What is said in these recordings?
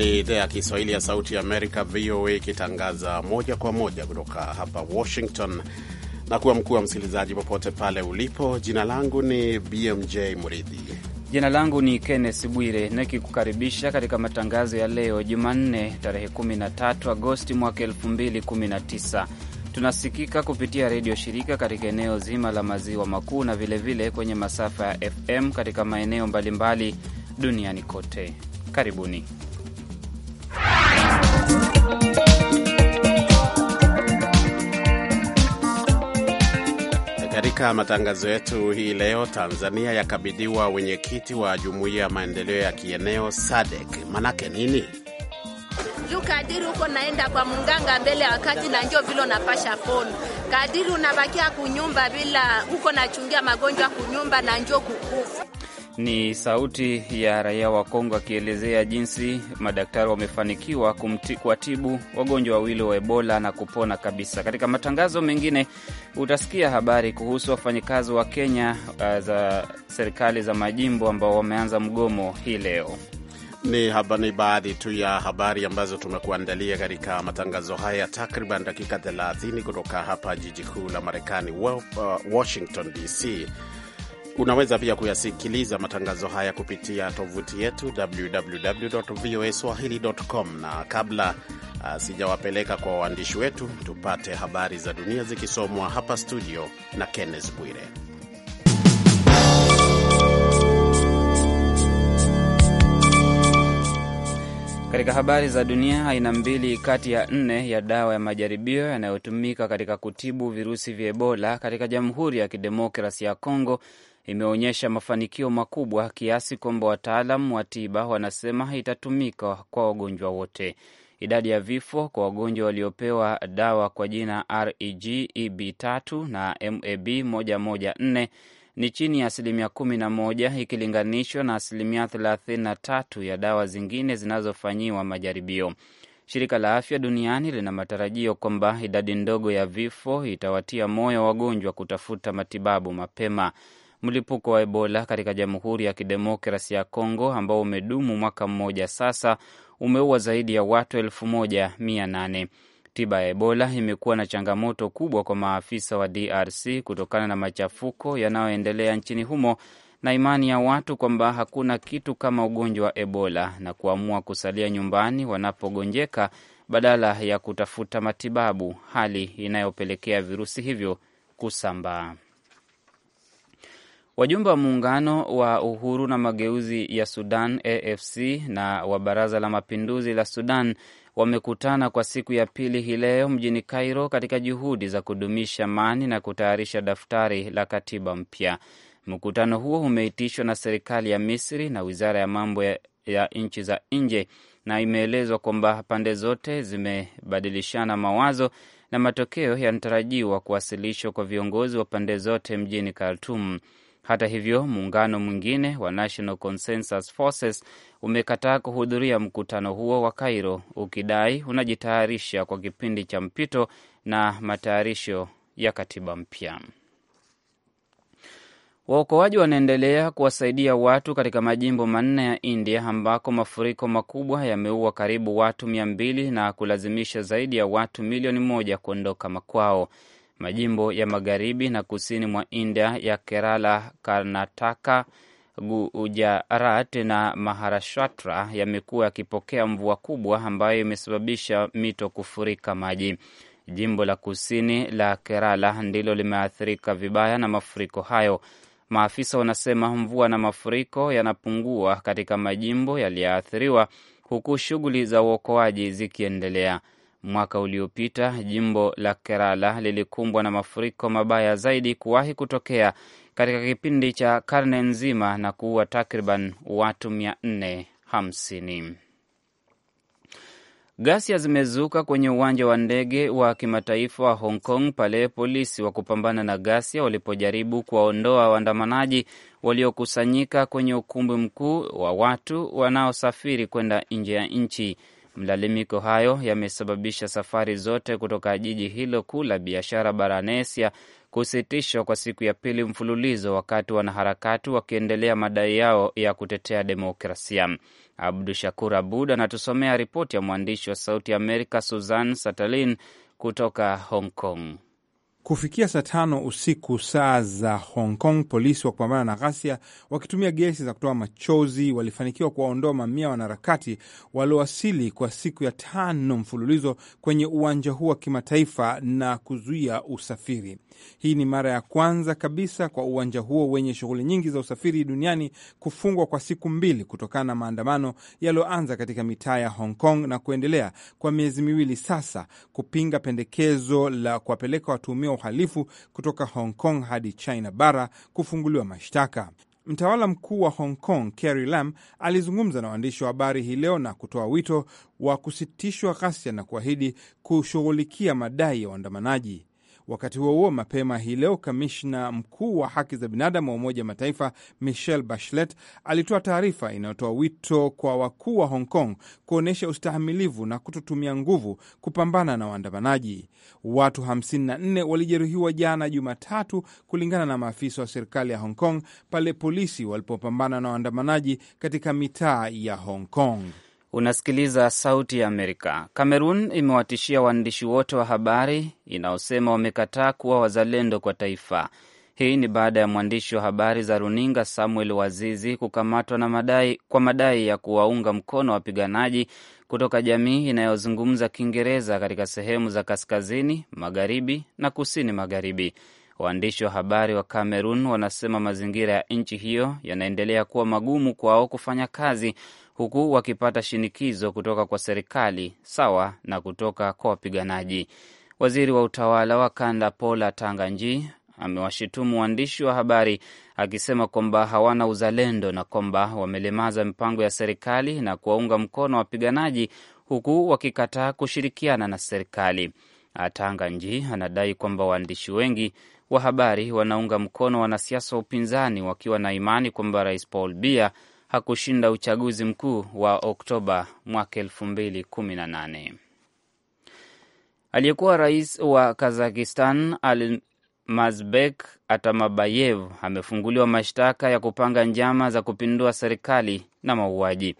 ni idhaa ya Kiswahili ya Sauti ya Amerika, VOA, ikitangaza moja kwa moja kutoka hapa Washington na kuwa mkuu wa msikilizaji popote pale ulipo. Jina langu ni BMJ Mridhi. Jina langu ni Kenneth Bwire nikikukaribisha katika matangazo ya leo Jumanne, tarehe 13 Agosti mwaka 2019. Tunasikika kupitia redio shirika katika eneo zima la maziwa makuu na vilevile vile kwenye masafa ya FM katika maeneo mbalimbali duniani kote. Karibuni. Katika matangazo yetu hii leo, Tanzania yakabidhiwa wenyekiti wa jumuiya ya maendeleo ya kieneo SADC. Manake nini? Juu kadiri huko naenda kwa munganga mbele ya wakati, na njo vile unapasha pono Kadiri unabakia kunyumba bila huko, nachungia magonjwa kunyumba na njo kukufa ni sauti ya raia wa Kongo akielezea jinsi madaktari wamefanikiwa kuwatibu wagonjwa wawili wa Ebola na kupona kabisa. Katika matangazo mengine utasikia habari kuhusu wafanyikazi wa Kenya uh, za serikali za majimbo ambao wameanza mgomo hii leo. Ni, haba, ni baadhi tu ya habari ambazo tumekuandalia katika matangazo haya takriban dakika 30 kutoka hapa jiji kuu la Marekani, uh, Washington DC. Unaweza pia kuyasikiliza matangazo haya kupitia tovuti yetu www.voaswahili.com, na kabla uh, sijawapeleka kwa waandishi wetu, tupate habari za dunia zikisomwa hapa studio na Kenneth Bwire. Katika habari za dunia, aina mbili kati ya nne ya dawa ya majaribio yanayotumika katika kutibu virusi vya Ebola katika Jamhuri ya Kidemokrasi ya Kongo imeonyesha mafanikio makubwa kiasi kwamba wataalam wa tiba wanasema itatumika kwa wagonjwa wote. Idadi ya vifo kwa wagonjwa waliopewa dawa kwa jina reg eb3 na mab 114 ni chini ya asilimia 11 ikilinganishwa na asilimia 33 ya dawa zingine zinazofanyiwa majaribio. Shirika la Afya Duniani lina matarajio kwamba idadi ndogo ya vifo itawatia moyo wagonjwa kutafuta matibabu mapema mlipuko wa Ebola katika Jamhuri ya Kidemokrasi ya Kongo ambao umedumu mwaka mmoja sasa umeua zaidi ya watu elfu moja mia nane. Tiba ya Ebola imekuwa na changamoto kubwa kwa maafisa wa DRC kutokana na machafuko yanayoendelea nchini humo na imani ya watu kwamba hakuna kitu kama ugonjwa wa Ebola na kuamua kusalia nyumbani wanapogonjeka badala ya kutafuta matibabu, hali inayopelekea virusi hivyo kusambaa. Wajumbe wa muungano wa uhuru na mageuzi ya Sudan AFC na wa baraza la mapinduzi la Sudan wamekutana kwa siku ya pili hii leo mjini Cairo katika juhudi za kudumisha amani na kutayarisha daftari la katiba mpya. Mkutano huo umeitishwa na serikali ya Misri na wizara ya mambo ya, ya nchi za nje na imeelezwa kwamba pande zote zimebadilishana mawazo na matokeo yanatarajiwa kuwasilishwa kwa viongozi wa pande zote mjini Khartoum. Hata hivyo, muungano mwingine wa National Consensus Forces umekataa kuhudhuria mkutano huo wa Cairo, ukidai unajitayarisha kwa kipindi cha mpito na matayarisho ya katiba mpya. Waokoaji wanaendelea kuwasaidia watu katika majimbo manne ya India ambako mafuriko makubwa yameua karibu watu mia mbili na kulazimisha zaidi ya watu milioni moja kuondoka makwao. Majimbo ya magharibi na kusini mwa India ya Kerala, Karnataka, Gujarat na Maharashtra yamekuwa yakipokea mvua kubwa ambayo imesababisha mito kufurika maji. Jimbo la kusini la Kerala ndilo limeathirika vibaya na mafuriko hayo. Maafisa wanasema mvua na mafuriko yanapungua katika majimbo yaliyoathiriwa, huku shughuli za uokoaji zikiendelea. Mwaka uliopita jimbo la Kerala lilikumbwa na mafuriko mabaya zaidi kuwahi kutokea katika kipindi cha karne nzima na kuua takriban watu 450. Ghasia zimezuka kwenye uwanja wa ndege wa kimataifa wa Hong Kong pale polisi wa kupambana na ghasia walipojaribu kuwaondoa waandamanaji waliokusanyika kwenye ukumbi mkuu wa watu wanaosafiri kwenda nje ya nchi mlalimiko hayo yamesababisha safari zote kutoka jiji hilo kuu la biashara barani Asia kusitishwa kwa siku ya pili mfululizo, wakati wanaharakati wakiendelea madai yao ya kutetea demokrasia. Abdu Shakur Abud anatusomea ripoti ya mwandishi wa Sauti ya Amerika suzan Satalin kutoka Hong Kong. Kufikia saa tano usiku saa za Hong Kong, polisi wa kupambana na ghasia wakitumia gesi za kutoa machozi walifanikiwa kuwaondoa mamia wanaharakati waliowasili kwa siku ya tano mfululizo kwenye uwanja huu wa kimataifa na kuzuia usafiri. Hii ni mara ya kwanza kabisa kwa uwanja huo wenye shughuli nyingi za usafiri duniani kufungwa kwa siku mbili kutokana na maandamano yaliyoanza katika mitaa ya Hong Kong na kuendelea kwa miezi miwili sasa kupinga pendekezo la kuwapeleka watumia wa uhalifu kutoka Hong Kong hadi China bara kufunguliwa mashtaka. Mtawala mkuu wa Hong Kong Carrie Lam alizungumza na waandishi wa habari hii leo na kutoa wito wa kusitishwa ghasia na kuahidi kushughulikia madai ya waandamanaji. Wakati huo huo, mapema hii leo kamishna mkuu wa haki za binadamu wa Umoja Mataifa Michelle Bachelet alitoa taarifa inayotoa wito kwa wakuu wa Hong Kong kuonyesha ustahamilivu na kutotumia nguvu kupambana na waandamanaji. Watu 54 walijeruhiwa jana Jumatatu, kulingana na maafisa wa serikali ya Hong Kong pale polisi walipopambana na waandamanaji katika mitaa ya Hong Kong. Unasikiliza Sauti ya Amerika. Kamerun imewatishia waandishi wote wa habari inaosema wamekataa kuwa wazalendo kwa taifa. Hii ni baada ya mwandishi wa habari za runinga Samuel Wazizi kukamatwa na madai, kwa madai ya kuwaunga mkono wapiganaji kutoka jamii inayozungumza Kiingereza katika sehemu za kaskazini magharibi na kusini magharibi. Waandishi wa habari wa Kamerun wanasema mazingira ya nchi hiyo yanaendelea kuwa magumu kwao kufanya kazi huku wakipata shinikizo kutoka kwa serikali sawa na kutoka kwa wapiganaji. Waziri wa utawala wa kanda Paula Tanganji amewashutumu waandishi wa habari akisema kwamba hawana uzalendo na kwamba wamelemaza mipango ya serikali na kuwaunga mkono wapiganaji huku wakikataa kushirikiana na serikali. Atanganji anadai kwamba waandishi wengi wa habari wanaunga mkono wanasiasa wa upinzani wakiwa na imani kwamba Rais Paul Bia hakushinda uchaguzi mkuu wa Oktoba mwaka elfu mbili kumi na nane. Aliyekuwa rais wa Kazakistan Almazbek Atamabayev amefunguliwa mashtaka ya kupanga njama za kupindua serikali na mauaji.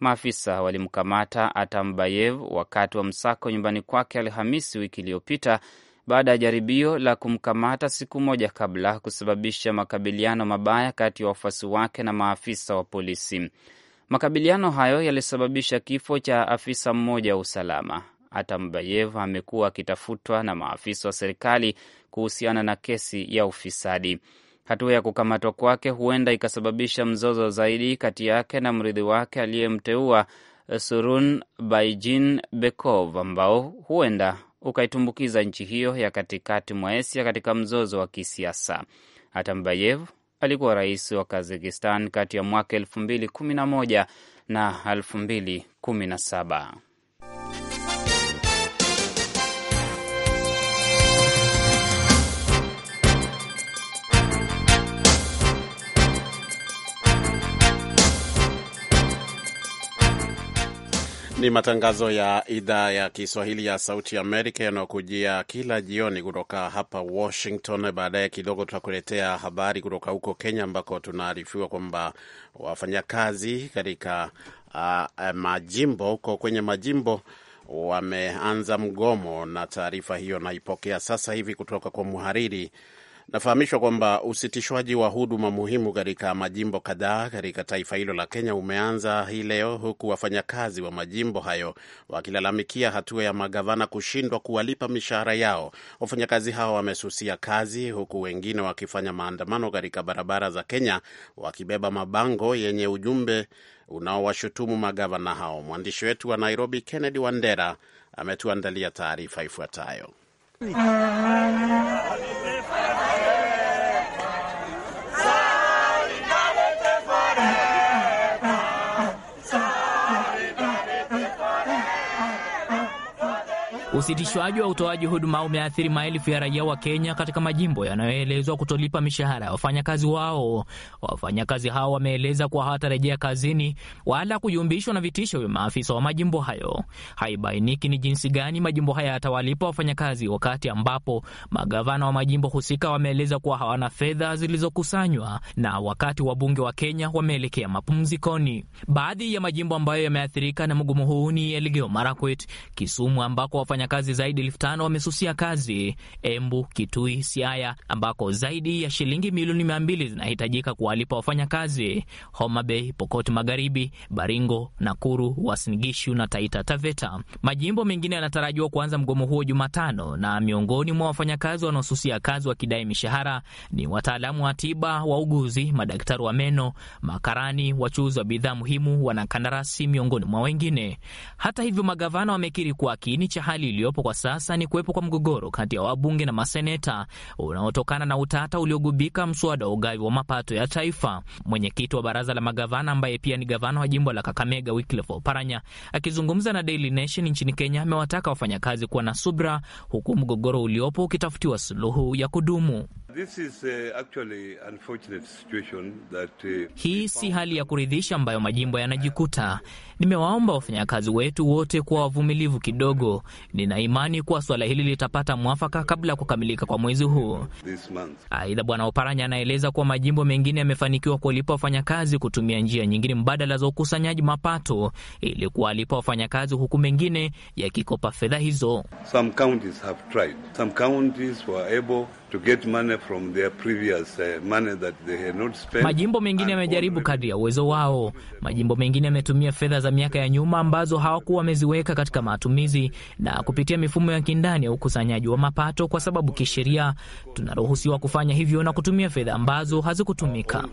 Maafisa walimkamata Atambayev wakati wa msako nyumbani kwake Alhamisi wiki iliyopita baada ya jaribio la kumkamata siku moja kabla kusababisha makabiliano mabaya kati ya wafuasi wake na maafisa wa polisi. Makabiliano hayo yalisababisha kifo cha afisa mmoja wa usalama. Atambayev amekuwa akitafutwa na maafisa wa serikali kuhusiana na kesi ya ufisadi. Hatua ya kukamatwa kwake huenda ikasababisha mzozo zaidi kati yake na mrithi wake aliyemteua eh, Surun Baijin Bekov, ambao huenda ukaitumbukiza nchi hiyo ya katikati mwa Asia katika mzozo wa kisiasa. Atambayev alikuwa rais wa Kazakistan kati ya mwaka elfu mbili na moja na elfu na Ni matangazo ya idhaa ya Kiswahili ya Sauti Amerika yanayokujia kila jioni kutoka hapa Washington. Baadaye kidogo tutakuletea habari kutoka huko Kenya, ambako tunaarifiwa kwamba wafanyakazi katika uh, majimbo huko kwenye majimbo wameanza mgomo, na taarifa hiyo naipokea sasa hivi kutoka kwa mhariri Nafahamishwa kwamba usitishwaji wa huduma muhimu katika majimbo kadhaa katika taifa hilo la Kenya umeanza hii leo, huku wafanyakazi wa majimbo hayo wakilalamikia hatua ya magavana kushindwa kuwalipa mishahara yao. Wafanyakazi hao wamesusia kazi, huku wengine wakifanya maandamano katika barabara za Kenya wakibeba mabango yenye ujumbe unaowashutumu magavana hao. Mwandishi wetu wa Nairobi, Kennedy Wandera, ametuandalia taarifa ifuatayo. Usitishwaji wa utoaji huduma umeathiri maelfu ya raia wa Kenya katika majimbo yanayoelezwa kutolipa mishahara ya wafanyakazi wao. Wafanyakazi hao wameeleza kuwa hawatarejea kazini wala kujumbishwa na vitisho vya maafisa wa majimbo hayo. Haibainiki ni jinsi gani majimbo haya yatawalipa wafanyakazi, wakati ambapo magavana wa majimbo husika wameeleza kuwa hawana fedha zilizokusanywa, na wakati wabunge wa Kenya wameelekea mapumzikoni. Baadhi ya majimbo ambayo yameathirika na mgomo huu ni Elgeyo Marakwet, Kisumu ambako wafanya wafanyakazi zaidi elfu tano wamesusia kazi Embu, Kitui, Siaya ambako zaidi ya shilingi milioni mia mbili zinahitajika kuwalipa wafanyakazi Homa Bay, Pokot Magharibi, Baringo, Nakuru, Wasingishu na Taita Taveta. Majimbo mengine yanatarajiwa kuanza mgomo huo Jumatano, na miongoni mwa wafanyakazi wanaosusia kazi wakidai mishahara ni wataalamu wa tiba, wauguzi, madaktari wa meno, makarani, wachuuzi wa bidhaa muhimu, wanakandarasi, miongoni mwa wengine. Hata hivyo, magavana wamekiri kuwa kiini cha hali iliyopo kwa sasa ni kuwepo kwa mgogoro kati ya wabunge na maseneta unaotokana na utata uliogubika mswada wa ugavi wa mapato ya taifa. Mwenyekiti wa baraza la magavana ambaye pia ni gavana wa jimbo la Kakamega, Wycliffe Oparanya, akizungumza na Daily Nation nchini Kenya, amewataka wafanyakazi kuwa na subra, huku mgogoro uliopo ukitafutiwa suluhu ya kudumu. This is, uh, actually unfortunate situation that, uh, hii si hali ya kuridhisha ambayo majimbo yanajikuta. Nimewaomba wafanyakazi wetu wote kuwa wavumilivu kidogo. Nina imani kuwa suala hili litapata mwafaka kabla ya kukamilika kwa mwezi huu. Aidha, Bwana Oparanya anaeleza kuwa majimbo mengine yamefanikiwa kuwalipa wafanyakazi kutumia njia nyingine mbadala za ukusanyaji mapato ili kuwalipa wafanyakazi, huku mengine yakikopa fedha hizo. Some counties have tried. Some counties were able To get money from their previous, uh, money that they had not spent. Majimbo mengine yamejaribu kadri ya uwezo wao. Majimbo mengine yametumia fedha za miaka ya nyuma ambazo hawakuwa wameziweka katika matumizi na kupitia mifumo ya kindani ya ukusanyaji wa mapato, kwa sababu kisheria tunaruhusiwa kufanya hivyo na kutumia fedha ambazo hazikutumika.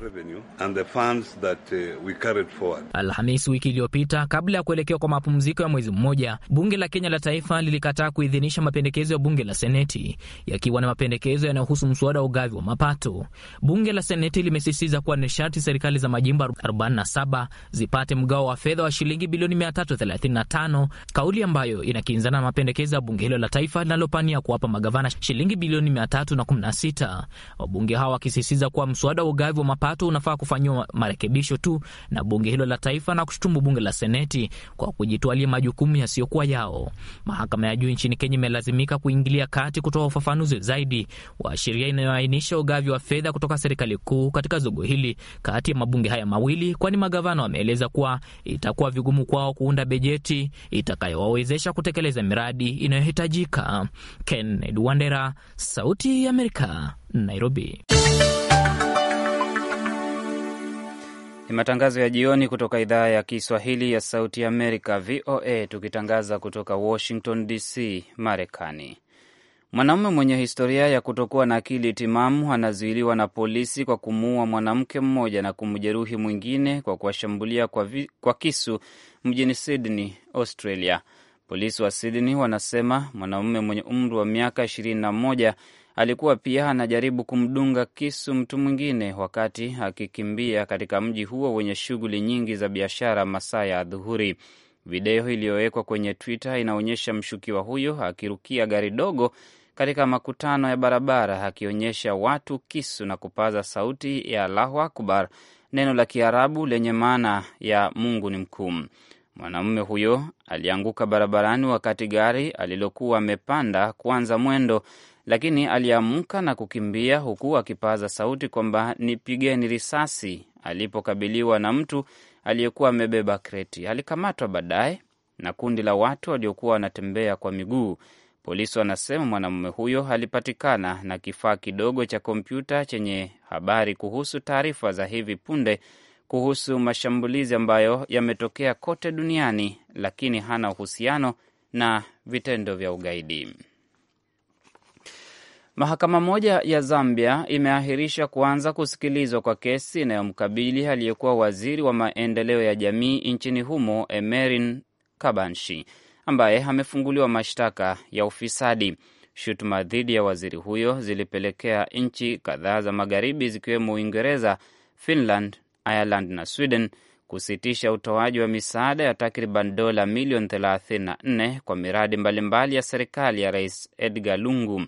Uh, Alhamis wiki iliyopita, kabla ya kuelekewa kwa mapumziko ya mwezi mmoja, bunge la Kenya la taifa lilikataa kuidhinisha mapendekezo ya bunge la Seneti yakiwa na mapendekezo yanayohusu mswada wa ugavi wa mapato. Bunge la Seneti limesisitiza kuwa nishati serikali za majimbo 47 zipate mgao wa fedha wa shilingi bilioni 335, kauli ambayo inakinzana na mapendekezo ya bunge hilo la taifa linalopania kuwapa magavana shilingi bilioni 316, wabunge hawa wakisisitiza kuwa mswada wa ugavi wa mapato unafaa kufanyiwa marekebisho tu na bunge hilo la taifa na kushutumu bunge la Seneti kwa kujitwalia majukumu yasiyokuwa yao. Mahakama ya juu nchini Kenya imelazimika kuingilia kati kutoa ufafanuzi zaidi wa sheria inayoainisha ugavi wa fedha kutoka serikali kuu katika zogo hili kati ya mabunge haya mawili, kwani magavana wameeleza kuwa itakuwa vigumu kwao kuunda bajeti itakayowawezesha kutekeleza miradi inayohitajika. Kenneth Wandera, Sauti ya Amerika, Nairobi. Ni matangazo ya jioni kutoka idhaa ya Kiswahili ya Sauti ya Amerika, VOA, tukitangaza kutoka Washington DC, Marekani. Mwanaume mwenye historia ya kutokuwa na akili timamu anazuiliwa na polisi kwa kumuua mwanamke mmoja na kumjeruhi mwingine kwa kuwashambulia kwa, kwa kisu mjini Sydney, Australia. Polisi wa Sydney wanasema mwanaume mwenye umri wa miaka ishirini na alikuwa pia anajaribu kumdunga kisu mtu mwingine wakati akikimbia katika mji huo wenye shughuli nyingi za biashara masaa ya adhuhuri. Video iliyowekwa kwenye Twitter inaonyesha mshukiwa huyo akirukia gari dogo katika makutano ya barabara akionyesha watu kisu na kupaza sauti ya Allahu Akbar, neno la Kiarabu lenye maana ya Mungu ni mkuu. Mwanamume huyo alianguka barabarani wakati gari alilokuwa amepanda kuanza mwendo, lakini aliamka na kukimbia huku akipaza sauti kwamba nipigeni risasi, alipokabiliwa na mtu aliyekuwa amebeba kreti. Alikamatwa baadaye na kundi la watu waliokuwa wanatembea kwa miguu Polisi wanasema mwanamume huyo alipatikana na kifaa kidogo cha kompyuta chenye habari kuhusu taarifa za hivi punde kuhusu mashambulizi ambayo yametokea kote duniani, lakini hana uhusiano na vitendo vya ugaidi. Mahakama moja ya Zambia imeahirisha kuanza kusikilizwa kwa kesi inayomkabili aliyekuwa waziri wa maendeleo ya jamii nchini humo Emerin Kabanshi ambaye amefunguliwa mashtaka ya ufisadi. Shutuma dhidi ya waziri huyo zilipelekea nchi kadhaa za magharibi zikiwemo Uingereza, Finland, Ireland na Sweden kusitisha utoaji wa misaada ya takriban dola milioni 34 kwa miradi mbalimbali ya serikali ya Rais Edgar Lungu.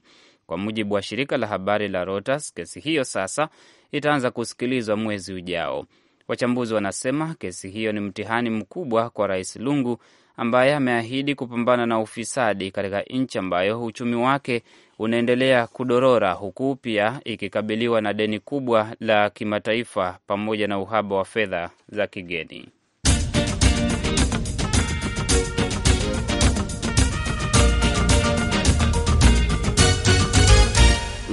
Kwa mujibu wa shirika la habari la Reuters, kesi hiyo sasa itaanza kusikilizwa mwezi ujao. Wachambuzi wanasema kesi hiyo ni mtihani mkubwa kwa Rais Lungu ambaye ameahidi kupambana na ufisadi katika nchi ambayo uchumi wake unaendelea kudorora huku pia ikikabiliwa na deni kubwa la kimataifa pamoja na uhaba wa fedha za kigeni.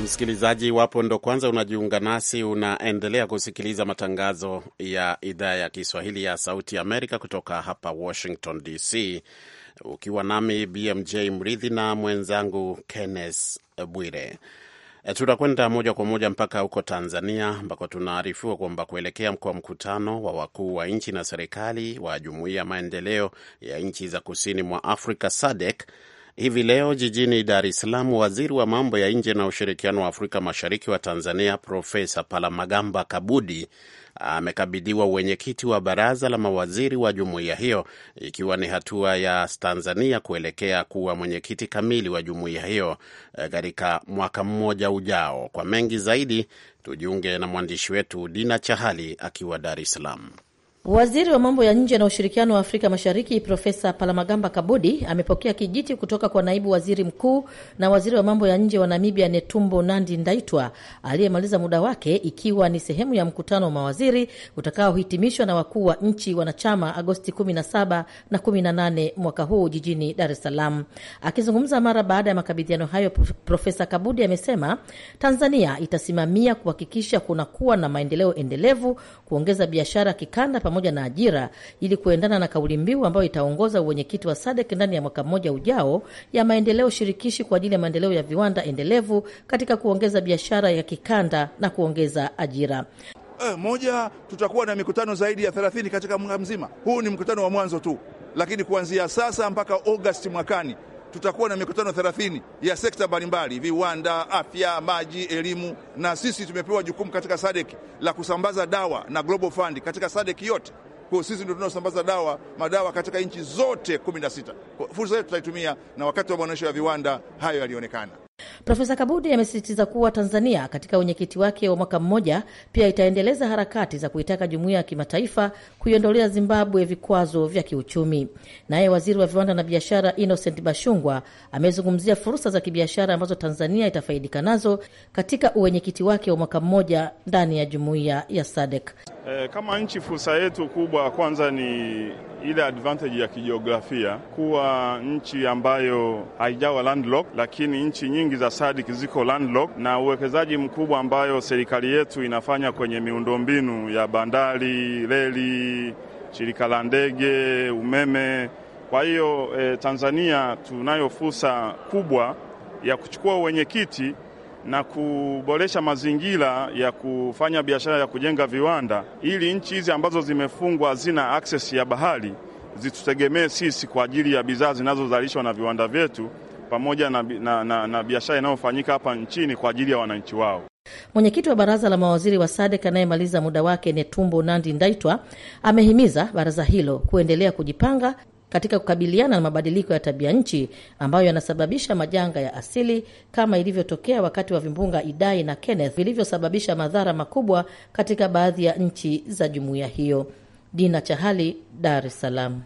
Msikilizaji, iwapo ndo kwanza unajiunga nasi, unaendelea kusikiliza matangazo ya idhaa ya Kiswahili ya Sauti ya Amerika kutoka hapa Washington DC, ukiwa nami BMJ Mridhi na mwenzangu Kenneth Bwire. E, Tutakwenda moja kwa moja mpaka huko Tanzania ambako tunaarifiwa kwamba kuelekea kwa mkutano wa wakuu wa nchi na serikali wa Jumuiya ya Maendeleo ya Nchi za Kusini mwa Afrika SADC Hivi leo jijini Dar es Salaam, waziri wa mambo ya nje na ushirikiano wa Afrika Mashariki wa Tanzania Profesa Palamagamba Kabudi amekabidhiwa uwenyekiti wa baraza la mawaziri wa jumuiya hiyo, ikiwa ni hatua ya Tanzania kuelekea kuwa mwenyekiti kamili wa jumuiya hiyo eh, katika mwaka mmoja ujao. Kwa mengi zaidi, tujiunge na mwandishi wetu Dina Chahali akiwa Dar es Salaam. Waziri wa mambo ya nje na ushirikiano wa Afrika Mashariki Profesa Palamagamba Kabudi amepokea kijiti kutoka kwa naibu waziri mkuu na waziri wa mambo ya nje wa Namibia Netumbo Nandi Ndaitwa aliyemaliza muda wake, ikiwa ni sehemu ya mkutano wa mawaziri utakaohitimishwa na wakuu wa nchi wanachama Agosti 17 na 18 mwaka huu jijini Dar es Salaam. Akizungumza mara baada ya makabidhiano hayo, Profesa Kabudi amesema Tanzania itasimamia kuhakikisha kunakuwa na maendeleo endelevu, kuongeza biashara kikanda pamoja pamoja na ajira ili kuendana na kauli mbiu ambayo itaongoza uwenyekiti wa SADC ndani ya mwaka mmoja ujao ya maendeleo shirikishi kwa ajili ya maendeleo ya viwanda endelevu katika kuongeza biashara ya kikanda na kuongeza ajira. E, moja, tutakuwa na mikutano zaidi ya 30 katika mwaka mzima. Huu ni mkutano wa mwanzo tu, lakini kuanzia sasa mpaka Agosti mwakani tutakuwa na mikutano 30 ya sekta mbalimbali, viwanda, afya, maji, elimu, na sisi tumepewa jukumu katika SADC la kusambaza dawa na Global Fund katika SADC yote. Kwa sisi ndio tunasambaza dawa madawa katika nchi zote 16. Fursa yetu tutaitumia, na wakati wa maonyesho ya viwanda hayo yalionekana. Profesa Kabudi amesisitiza kuwa Tanzania katika wenyekiti wake wa mwaka mmoja pia itaendeleza harakati za kuitaka jumuiya ya kimataifa kuiondolea Zimbabwe vikwazo vya kiuchumi. Naye waziri wa viwanda na biashara Innocent Bashungwa amezungumzia fursa za kibiashara ambazo Tanzania itafaidika nazo katika uwenyekiti wake wa mwaka mmoja ndani ya jumuiya ya SADC. E, kama nchi fursa yetu kubwa kwanza ni ile advantage ya kijiografia kuwa nchi ambayo haijawa landlock, lakini nchi nyingi za SADC ziko landlock, na uwekezaji mkubwa ambayo serikali yetu inafanya kwenye miundombinu ya bandari, reli, shirika la ndege, umeme. Kwa hiyo e, Tanzania tunayo fursa kubwa ya kuchukua uwenyekiti na kuboresha mazingira ya kufanya biashara ya kujenga viwanda, ili nchi hizi ambazo zimefungwa zina access ya bahari zitutegemee sisi kwa ajili ya bidhaa zinazozalishwa na viwanda vyetu pamoja na, na, na, na biashara inayofanyika hapa nchini kwa ajili ya wananchi wao. Mwenyekiti wa baraza la mawaziri wa SADC anayemaliza muda wake Netumbo Nandi Ndaitwa amehimiza baraza hilo kuendelea kujipanga katika kukabiliana na mabadiliko ya tabia nchi ambayo yanasababisha majanga ya asili kama ilivyotokea wakati wa vimbunga Idai na Kenneth vilivyosababisha madhara makubwa katika baadhi ya nchi za jumuiya hiyo. Dina Chahali, Dar es Salaam.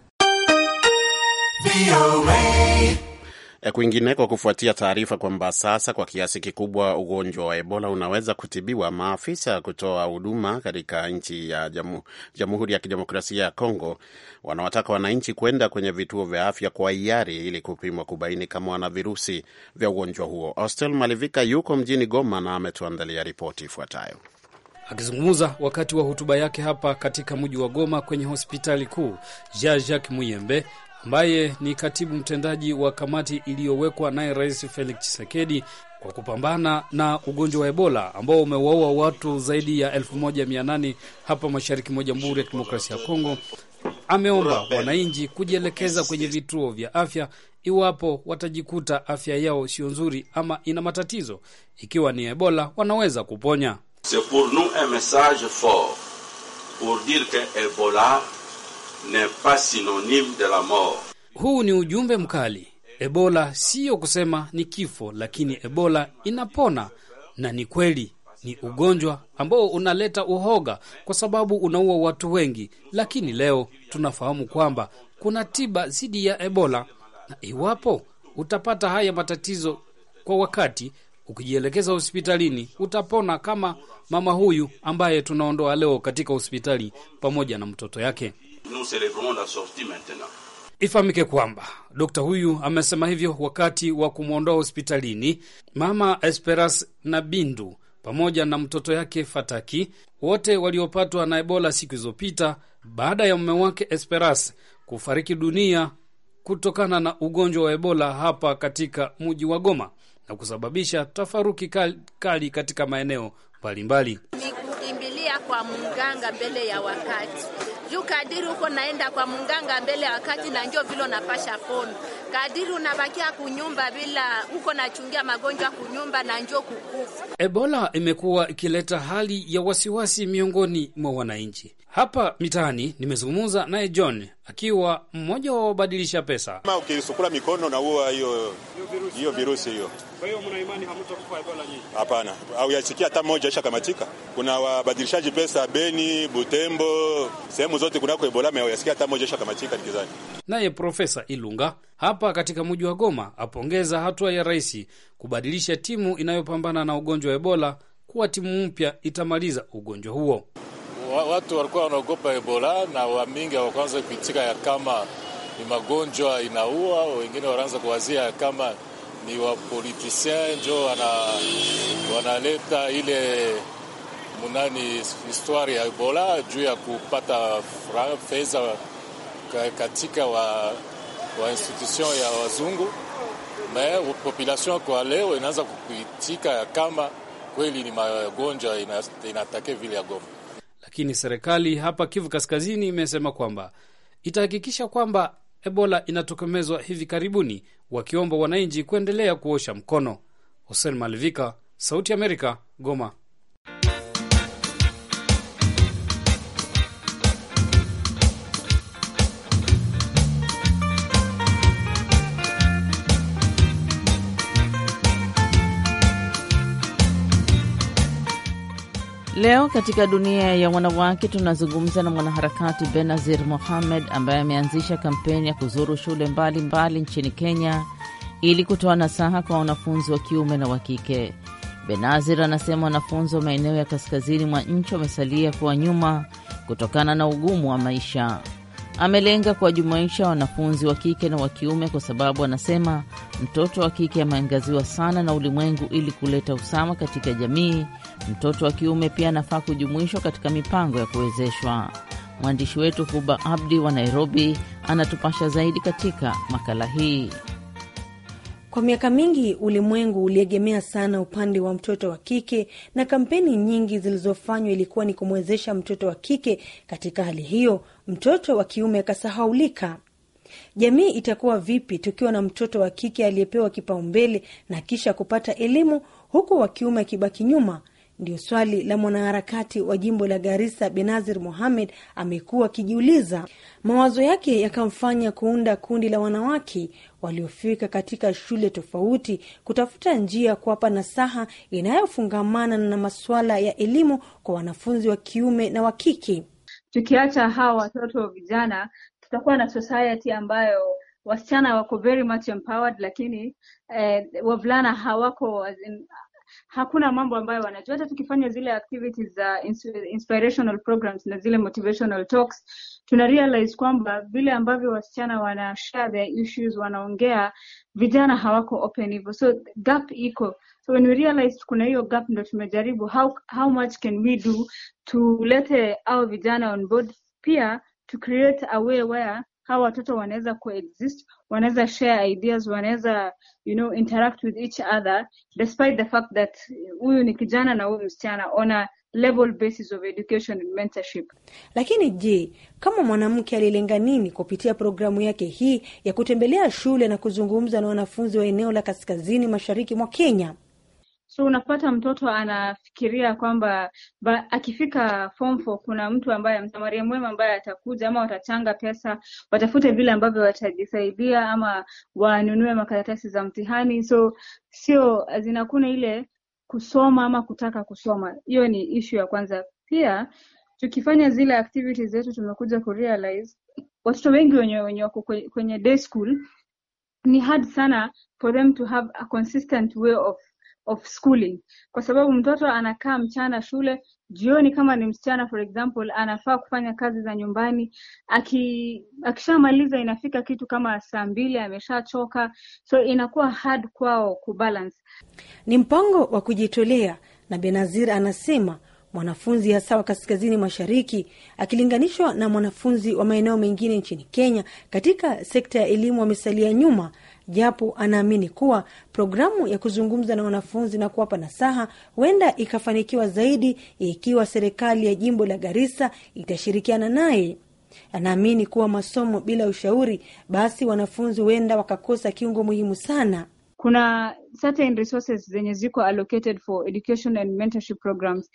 Eh, kwingineko, kufuatia taarifa kwamba sasa kwa kiasi kikubwa ugonjwa wa Ebola unaweza kutibiwa, maafisa kutoa huduma katika nchi ya jamu, Jamhuri ya Kidemokrasia ya Kongo wanawataka wananchi kwenda kwenye vituo vya afya kwa hiari ili kupimwa kubaini kama wana virusi vya ugonjwa huo. Austel Malivika yuko mjini Goma na ametuandalia ripoti ifuatayo. Akizungumza wakati wa hotuba yake hapa katika mji wa Goma kwenye hospitali kuu, Jean Jacques Muyembe ambaye ni katibu mtendaji wa kamati iliyowekwa naye Rais Felix Tshisekedi kwa kupambana na ugonjwa wa Ebola ambao umewaua watu zaidi ya 1800 hapa mashariki mwa Jamhuri ya Kidemokrasia ya Kongo, ameomba wananchi kujielekeza kwenye vituo vya afya iwapo watajikuta afya yao sio nzuri ama ina matatizo. Ikiwa ni Ebola, wanaweza kuponya. C'est pour nous un message fort pour dire que Ebola n'est pas synonyme de la mort. Huu ni ujumbe mkali. Ebola siyo kusema ni kifo, lakini Ebola inapona, na ni kweli ni ugonjwa ambao unaleta uhoga kwa sababu unaua watu wengi, lakini leo tunafahamu kwamba kuna tiba dhidi ya Ebola, na iwapo utapata haya matatizo kwa wakati, ukijielekeza hospitalini utapona, kama mama huyu ambaye tunaondoa leo katika hospitali pamoja na mtoto yake. Ifahamike kwamba dokta huyu amesema hivyo wakati wa kumwondoa hospitalini mama Esperas na Bindu pamoja na mtoto yake Fataki, wote waliopatwa na Ebola siku zilizopita baada ya mume wake Esperas kufariki dunia kutokana na ugonjwa wa Ebola hapa katika mji wa Goma na kusababisha tafaruki kali katika maeneo mbalimbali mbali kutembea kwa munganga mbele ya wakati juu kadiri huko naenda kwa munganga mbele ya wakati, na ndio vile napasha fono kadiri unabakia kunyumba bila huko nachungia magonjwa kunyumba na ndio kukufa. Ebola imekuwa ikileta hali ya wasiwasi miongoni mwa wananchi. Hapa mitaani nimezungumza naye John akiwa mmoja wa wabadilisha pesa. Kama ukisukula mikono na huo hiyo hiyo virusi hiyo. Kwa hiyo mna imani hamtakufa Ebola nyinyi? Hapana, au yasikia hata mmoja kamatika. Kuna wabadilishaji pesa Beni, Butembo, sehemu zote kunako Ebola au yasikia hata mmoja kamatika nikizani. Naye Profesa Ilunga hapa katika mji wa Goma apongeza hatua ya rais kubadilisha timu inayopambana na ugonjwa wa Ebola kuwa timu mpya itamaliza ugonjwa huo watu walikuwa wanaogopa Ebola na wamingi hawakuanza kuitika ya kama ni magonjwa inaua, wengine wanaanza kuwazia ya kama ni wapolitisien njo wanaleta wana ile munani histoire ya Ebola juu ya kupata fedha katika wa, wa institution ya wazungu. Me population kwa leo inaanza kuitika ya kama kweli ni magonjwa inatake vile ya Goma. Lakini serikali hapa Kivu Kaskazini imesema kwamba itahakikisha kwamba Ebola inatokomezwa hivi karibuni, wakiomba wananchi kuendelea kuosha mkono. Hosen Malvika, Sauti ya Amerika, Goma. Leo katika dunia ya wanawake tunazungumza na mwanaharakati Benazir Mohamed ambaye ameanzisha kampeni ya kuzuru shule mbalimbali mbali nchini Kenya ili kutoa nasaha kwa wanafunzi wa kiume na wa kike. Benazir anasema wanafunzi wa maeneo ya kaskazini mwa nchi wamesalia kuwa nyuma kutokana na ugumu wa maisha. Amelenga kuwajumuisha wanafunzi wa kike na wa kiume kwa sababu anasema mtoto wa kike ameangaziwa sana na ulimwengu ili kuleta usawa katika jamii Mtoto wa kiume pia anafaa kujumuishwa katika mipango ya kuwezeshwa. Mwandishi wetu Huba Abdi wa Nairobi anatupasha zaidi katika makala hii. Kwa miaka mingi ulimwengu uliegemea sana upande wa mtoto wa kike, na kampeni nyingi zilizofanywa ilikuwa ni kumwezesha mtoto wa kike. Katika hali hiyo, mtoto wa kiume akasahaulika. Jamii itakuwa vipi tukiwa na mtoto wa kike aliyepewa kipaumbele na kisha kupata elimu, huku wa kiume akibaki nyuma? Ndio swali la mwanaharakati wa jimbo la Garissa Benazir Mohamed amekuwa akijiuliza. Mawazo yake yakamfanya kuunda kundi la wanawake waliofika katika shule tofauti kutafuta njia ya kuwapa nasaha inayofungamana na masuala ya elimu kwa wanafunzi wa kiume na wa kike. Tukiacha hawa watoto vijana, tutakuwa na society ambayo wasichana wako very much empowered, lakini eh, wavulana hawako hakuna mambo ambayo wanajua. Hata tukifanya zile activities za inspirational programs na zile motivational talks, tuna realize kwamba vile ambavyo wasichana wana share their issues, wanaongea, vijana hawako open hivyo, so gap iko. So when we realize kuna hiyo gap, ndo tumejaribu how, how much can we do let au vijana on board, pia to create a way where hawa watoto wanaweza coexist wanaweza share ideas wanaweza you know interact with each other despite the fact that huyu ni kijana na huyu msichana on a level basis of education and mentorship. Lakini je, kama mwanamke alilenga nini kupitia programu yake hii ya kutembelea shule na kuzungumza na wanafunzi wa eneo la kaskazini mashariki mwa Kenya? So unapata mtoto anafikiria kwamba akifika form four kuna mtu ambaye msamaria mwema ambaye atakuja ama watachanga pesa, watafute vile ambavyo watajisaidia ama wanunue makaratasi za mtihani. So sio zinakuna ile kusoma ama kutaka kusoma. Hiyo ni ishu ya kwanza. Pia tukifanya zile activities zetu tumekuja kurealize watoto wengi wenye wenye wako kwenye day school ni hard sana for them to have a consistent way of of schooling kwa sababu mtoto anakaa mchana shule jioni kama ni msichana for example anafaa kufanya kazi za nyumbani aki akishamaliza inafika kitu kama saa mbili ameshachoka so inakuwa hard kwao kubalance ni mpango wa kujitolea na benazir anasema mwanafunzi hasa wa kaskazini mashariki akilinganishwa na mwanafunzi wa maeneo mengine nchini Kenya katika sekta ya elimu amesalia nyuma, japo anaamini kuwa programu ya kuzungumza na wanafunzi na kuwapa nasaha huenda ikafanikiwa zaidi ikiwa serikali ya jimbo la Garissa itashirikiana naye. Anaamini kuwa masomo bila ushauri, basi wanafunzi huenda wakakosa kiungo muhimu sana. Kuna certain resources zenye ziko allocated for education and mentorship programs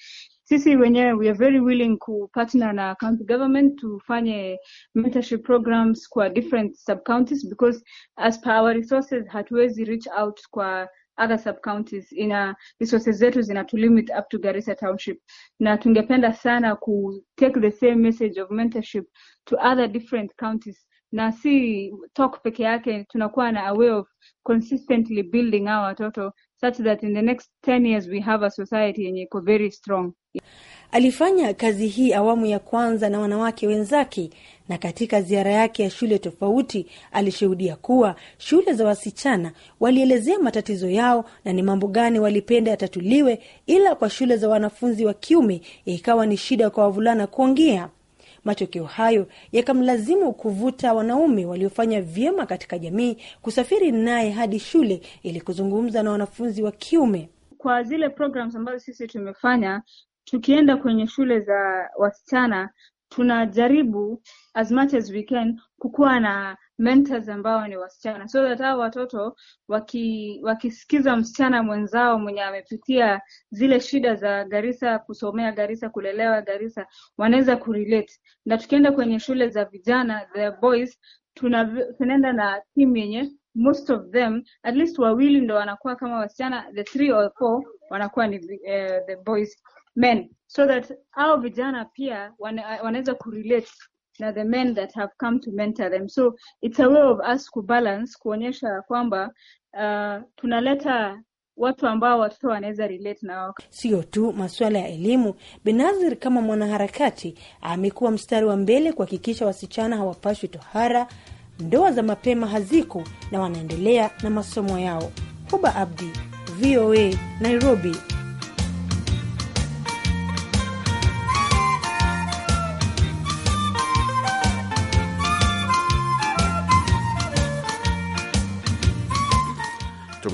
sisi wenyewe we are very willing kupartner na county government tufanye mentorship programs kwa different sub counties because as per our resources hatuwezi reach out kwa other sub counties ina resources zetu zina to limit up to Garissa township na tungependa sana ku take the same message of mentorship to other different counties na si talk peke yake tunakuwa na a way of consistently building hawa watoto such that in the next 10 years we have a society yenye iko very strong. Alifanya kazi hii awamu ya kwanza na wanawake wenzake, na katika ziara yake ya shule tofauti alishuhudia kuwa shule za wasichana walielezea matatizo yao na ni mambo gani walipenda yatatuliwe, ila kwa shule za wanafunzi wa kiume ikawa ni shida kwa wavulana kuongea. Matokeo hayo yakamlazimu kuvuta wanaume waliofanya vyema katika jamii kusafiri naye hadi shule ili kuzungumza na wanafunzi wa kiume. Kwa zile programs ambazo sisi tumefanya, tukienda kwenye shule za wasichana tunajaribu as much as we can kukuwa na mentors ambao ni wasichana so that hao watoto waki, wakisikiza msichana mwenzao mwenye amepitia zile shida za garisa kusomea garisa kulelewa garisa wanaweza kurelate. Na tukienda kwenye shule za vijana the boys, tuna, tunaenda na timu yenye most of them at least wawili ndo wanakuwa kama wasichana, the three or four wanakuwa ni uh, the boys men so that hao vijana pia wanaweza kurelate na the men that have come to mentor them so it's a way of us kubalance kuonyesha kwamba uh, tunaleta watu ambao watoto wanaweza relate wako Sio tu masuala ya elimu, Benazir kama mwanaharakati amekuwa mstari wa mbele kuhakikisha wasichana hawapashwi tohara, ndoa za mapema haziko na wanaendelea na masomo yao. Huba Abdi, VOA, Nairobi.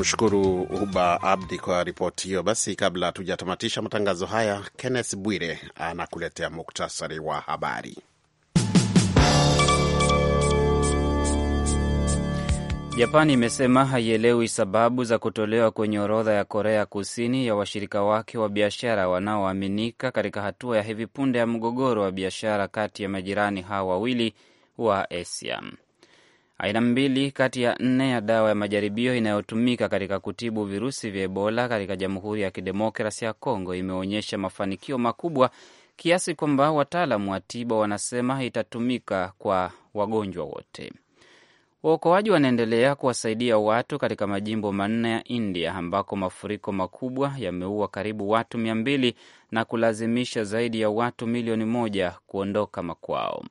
kushukuru Huba Abdi kwa ripoti hiyo. Basi kabla hatujatamatisha matangazo haya, Kenneth Bwire anakuletea muktasari wa habari. Japani imesema haielewi sababu za kutolewa kwenye orodha ya Korea Kusini ya washirika wake wa biashara wanaoaminika katika hatua ya hivi punde ya mgogoro wa biashara kati ya majirani hawa wawili wa Asia. Aina mbili kati ya nne ya dawa ya majaribio inayotumika katika kutibu virusi vya Ebola katika Jamhuri ya Kidemokrasi ya Kongo imeonyesha mafanikio makubwa kiasi kwamba wataalamu wa tiba wanasema itatumika kwa wagonjwa wote. Waokoaji wanaendelea kuwasaidia watu katika majimbo manne ya India ambako mafuriko makubwa yameua karibu watu mia mbili na kulazimisha zaidi ya watu milioni moja kuondoka makwao.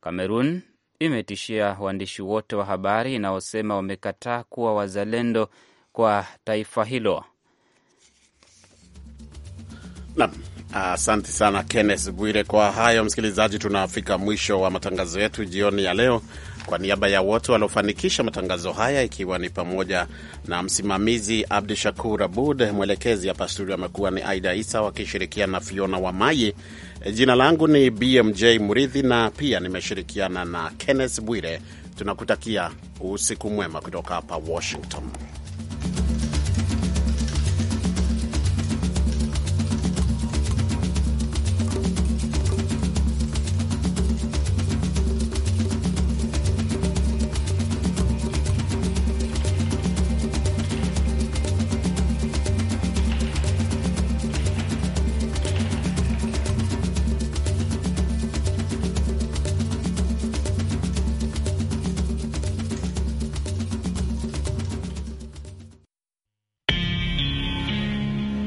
Kamerun imetishia waandishi wote wa habari inaosema wamekataa kuwa wazalendo kwa taifa hilo. Naam. Asante sana Kenneth Bwire kwa hayo. Msikilizaji, tunafika mwisho wa matangazo yetu jioni ya leo. Kwa niaba ya wote waliofanikisha matangazo haya, ikiwa ni pamoja na msimamizi Abdu Shakur Abud, mwelekezi hapa studio amekuwa ni Aida Isa wakishirikiana na Fiona Wamayi. Jina langu ni BMJ mridhi na pia nimeshirikiana na Kenneth Bwire. Tunakutakia usiku mwema kutoka hapa Washington.